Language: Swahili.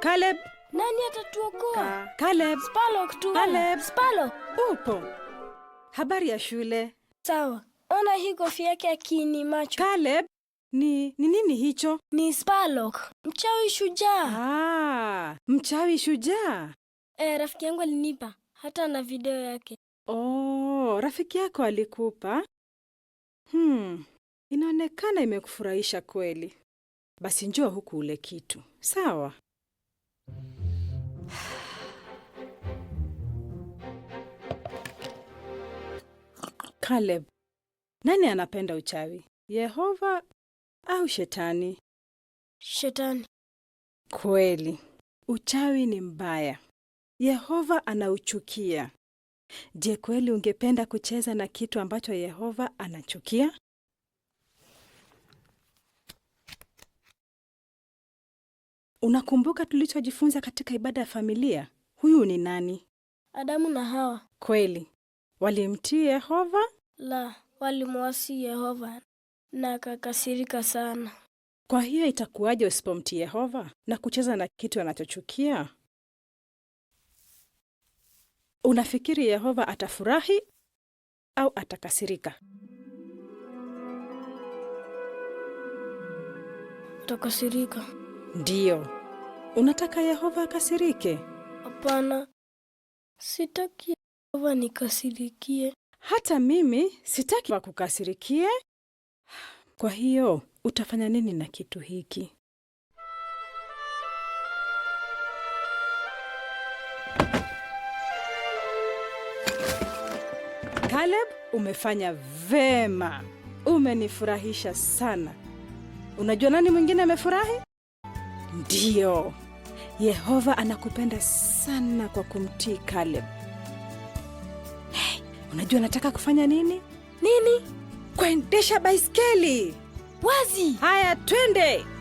Caleb. Nani atatuokoa? Caleb. Spalok tu. Caleb. Spalo. Upo. Habari ya shule. Sawa. Ona hii kofia yake akini macho. Caleb. Ni ni nini hicho? Ni Spalok, mchawi shujaa. Ah, mchawi shujaa. Eh, rafiki yangu alinipa hata na video yake. Oh, rafiki yako alikupa? Hmm, inaonekana imekufurahisha kweli. Basi njoo huku ule kitu, sawa? Caleb, nani anapenda uchawi, Yehova au shetani? Shetani. Kweli, uchawi ni mbaya, Yehova anauchukia. Je, kweli ungependa kucheza na kitu ambacho Yehova anachukia? Unakumbuka tulichojifunza katika ibada ya familia? Huyu ni nani? Adamu na Hawa. Kweli walimtii Yehova? La, walimwasi Yehova na akakasirika sana. Kwa hiyo itakuwaje usipomtii Yehova na kucheza na kitu anachochukia? Unafikiri Yehova atafurahi au atakasirika? Atakasirika. Ndiyo. Unataka Yehova akasirike? Hapana, sitaki Yehova nikasirikie. Hata mimi sitaki wakukasirikie Kwa hiyo utafanya nini na kitu hiki? Caleb, umefanya vema, umenifurahisha sana. Unajua nani mwingine amefurahi? Ndiyo, Yehova anakupenda sana kwa kumtii kaleb Hey, unajua nataka kufanya nini? Nini? Kuendesha baiskeli. Wazi. Haya, twende.